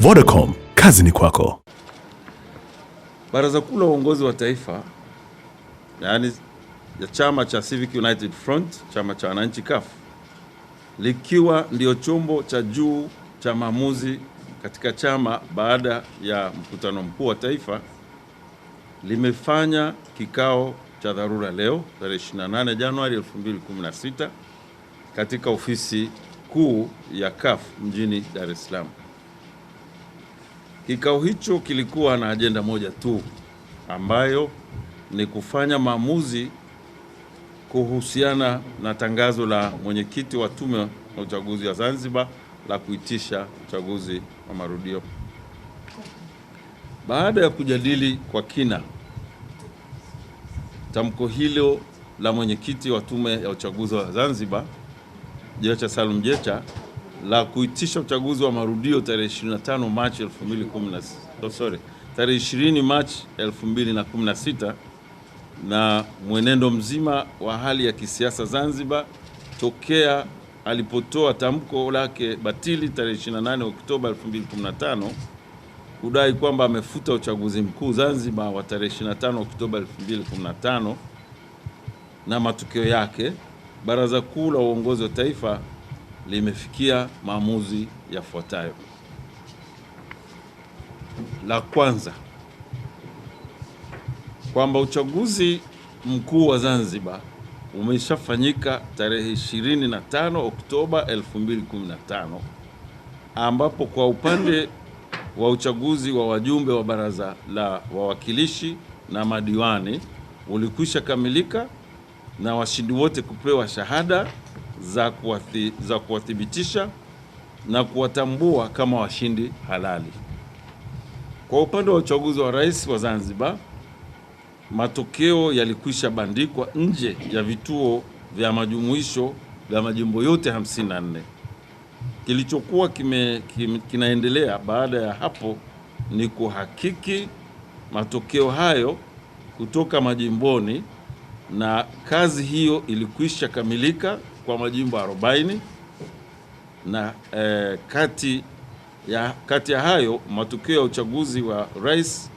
Vodacom, kazi ni kwako. Baraza Kuu la Uongozi wa Taifa, yaani ya chama cha Civic United Front, chama cha wananchi CUF, likiwa ndio chombo cha juu cha maamuzi katika chama baada ya mkutano mkuu wa taifa, limefanya kikao cha dharura leo tarehe 28 Januari 2016 katika ofisi kuu ya CUF mjini Dar es Salaam. Kikao hicho kilikuwa na ajenda moja tu ambayo ni kufanya maamuzi kuhusiana na tangazo la mwenyekiti wa Tume ya Uchaguzi wa Zanzibar la kuitisha uchaguzi wa marudio. Baada ya kujadili kwa kina tamko hilo la mwenyekiti wa Tume ya Uchaguzi wa Zanzibar Jecha Salum Jecha la kuitisha uchaguzi wa marudio tarehe 25 Machi 2016, oh, sorry, tarehe 20 Machi 2016 na mwenendo mzima wa hali ya kisiasa Zanzibar tokea alipotoa tamko lake batili tarehe 28 Oktoba 2015 kudai kwamba amefuta uchaguzi mkuu Zanzibar wa tarehe 25 Oktoba 2015 na matokeo yake, Baraza Kuu la Uongozi wa Taifa limefikia maamuzi yafuatayo. La kwanza, kwamba uchaguzi mkuu wa Zanzibar umeshafanyika tarehe 25 Oktoba 2015 ambapo kwa upande wa uchaguzi wa wajumbe wa baraza la wawakilishi na madiwani ulikwisha kamilika na washindi wote kupewa shahada za, kuwathi, za kuwathibitisha na kuwatambua kama washindi halali. Kwa upande wa uchaguzi wa rais wa Zanzibar, matokeo yalikwisha bandikwa nje ya vituo vya majumuisho vya majimbo yote 54. Kilichokuwa kime, kime, kinaendelea baada ya hapo ni kuhakiki matokeo hayo kutoka majimboni na kazi hiyo ilikwisha kamilika kwa majimbo 40 na eh, kati, ya, kati ya hayo matukio ya uchaguzi wa rais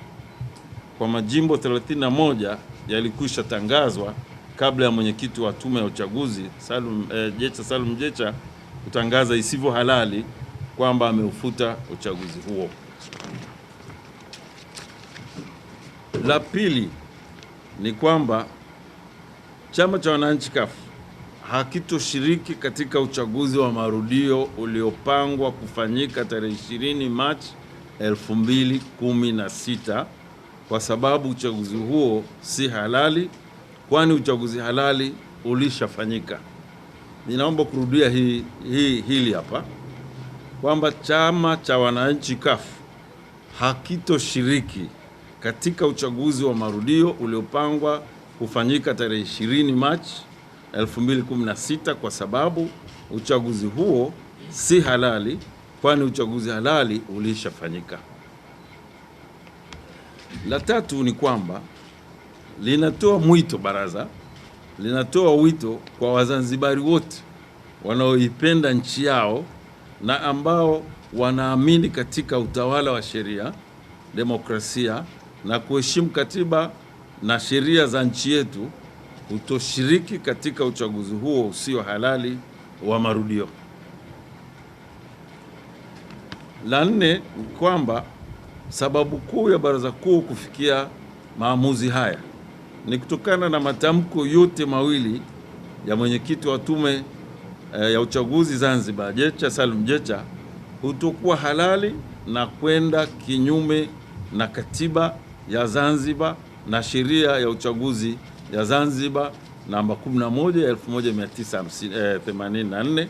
kwa majimbo 31 yalikwisha tangazwa kabla ya mwenyekiti wa tume ya uchaguzi Salum, eh, Jecha Salum Jecha kutangaza isivyo halali kwamba ameufuta uchaguzi huo. La pili ni kwamba chama cha wananchi kafu hakitoshiriki katika uchaguzi wa marudio uliopangwa kufanyika tarehe 20 Machi 2016 kwa sababu uchaguzi huo si halali, kwani uchaguzi halali ulishafanyika. Ninaomba kurudia hii, hii, hili hapa kwamba chama cha wananchi kafu hakitoshiriki katika uchaguzi wa marudio uliopangwa kufanyika tarehe 20 Machi 2016 kwa sababu uchaguzi huo si halali, kwani uchaguzi halali ulishafanyika. La tatu ni kwamba linatoa mwito, baraza linatoa wito kwa Wazanzibari wote wanaoipenda nchi yao na ambao wanaamini katika utawala wa sheria, demokrasia na kuheshimu katiba na sheria za nchi yetu hutoshiriki katika uchaguzi huo usio halali wa marudio. La nne ni kwamba sababu kuu ya Baraza Kuu kufikia maamuzi haya ni kutokana na matamko yote mawili ya mwenyekiti wa Tume eh, ya Uchaguzi Zanzibar, Jecha Salum Jecha, hutokuwa halali na kwenda kinyume na katiba ya Zanzibar na sheria ya uchaguzi ya Zanzibar namba 11 1984. Eh,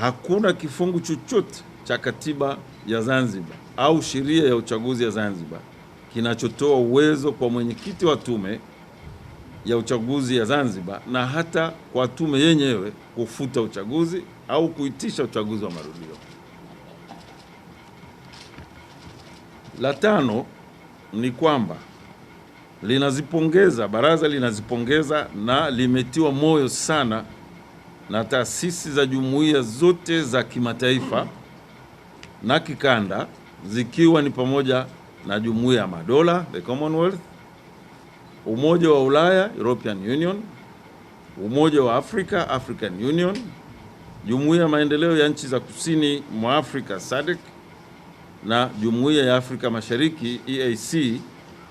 Hakuna kifungu chochote cha katiba ya Zanzibar au sheria ya uchaguzi ya Zanzibar kinachotoa uwezo kwa mwenyekiti wa tume ya uchaguzi ya Zanzibar na hata kwa tume yenyewe kufuta uchaguzi au kuitisha uchaguzi wa marudio. La tano ni kwamba linazipongeza, baraza linazipongeza na limetiwa moyo sana na taasisi za jumuiya zote za kimataifa na kikanda zikiwa ni pamoja na Jumuiya ya Madola, the Commonwealth, Umoja wa Ulaya, European Union, Umoja wa Afrika, African Union, Jumuiya ya Maendeleo ya Nchi za Kusini mwa Afrika, SADC, na Jumuiya ya Afrika Mashariki, EAC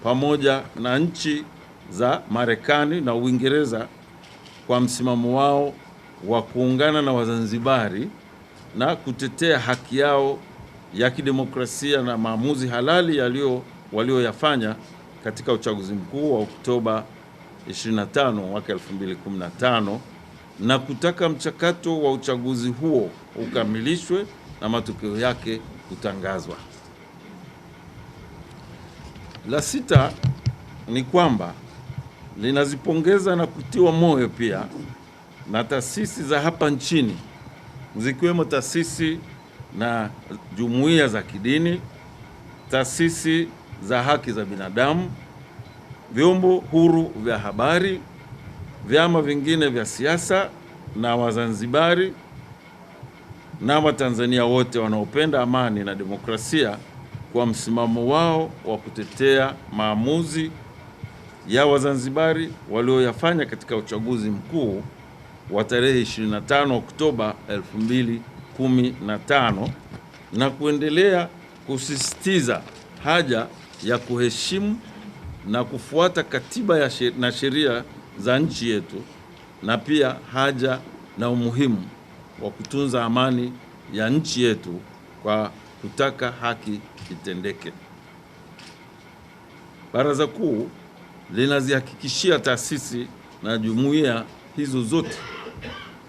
pamoja na nchi za Marekani na Uingereza kwa msimamo wao wa kuungana na Wazanzibari na kutetea haki yao ya kidemokrasia na maamuzi halali yaliyo walioyafanya katika uchaguzi mkuu wa Oktoba 25 mwaka 2015 na kutaka mchakato wa uchaguzi huo ukamilishwe na matokeo yake kutangazwa. La sita ni kwamba linazipongeza na kutiwa moyo pia na taasisi za hapa nchini zikiwemo taasisi na jumuiya za kidini, taasisi za haki za binadamu, vyombo huru vya habari, vyama vingine vya siasa na Wazanzibari na Watanzania wote wanaopenda amani na demokrasia kwa msimamo wao wa kutetea maamuzi ya Wazanzibari walioyafanya katika uchaguzi mkuu wa tarehe 25 Oktoba 2015 na kuendelea kusisitiza haja ya kuheshimu na kufuata katiba ya sheria na sheria za nchi yetu na pia haja na umuhimu wa kutunza amani ya nchi yetu kwa kutaka haki itendeke. Baraza Kuu linazihakikishia taasisi na jumuiya hizo zote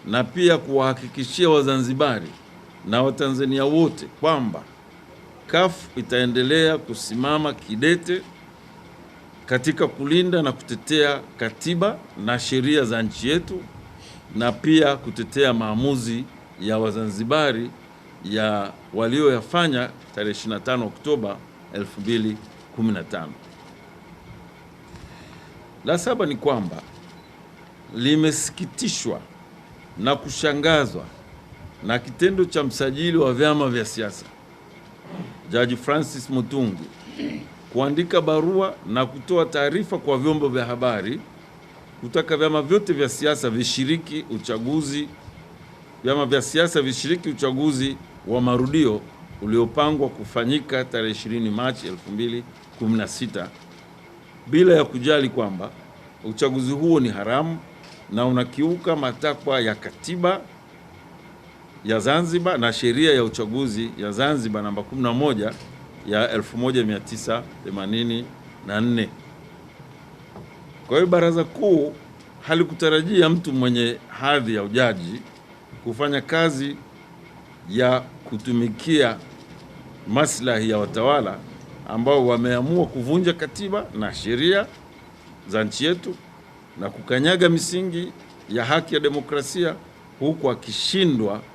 na pia kuwahakikishia Wazanzibari na Watanzania wote kwamba CUF itaendelea kusimama kidete katika kulinda na kutetea katiba na sheria za nchi yetu na pia kutetea maamuzi ya Wazanzibari ya walioyafanya tarehe 25 Oktoba 2015. La saba ni kwamba limesikitishwa na kushangazwa na kitendo cha msajili wa vyama vya siasa Jaji Francis Mutungi kuandika barua na kutoa taarifa kwa vyombo vya habari kutaka vyama vyote vya siasa vishiriki uchaguzi vyama vya siasa vishiriki uchaguzi wa marudio uliopangwa kufanyika tarehe 20 Machi 2016 bila ya kujali kwamba uchaguzi huo ni haramu na unakiuka matakwa ya katiba ya Zanzibar na sheria ya uchaguzi ya Zanzibar namba 11 ya 1984. Kwa hiyo Baraza Kuu halikutarajia mtu mwenye hadhi ya ujaji kufanya kazi ya kutumikia maslahi ya watawala ambao wameamua kuvunja katiba na sheria za nchi yetu na kukanyaga misingi ya haki ya demokrasia huku akishindwa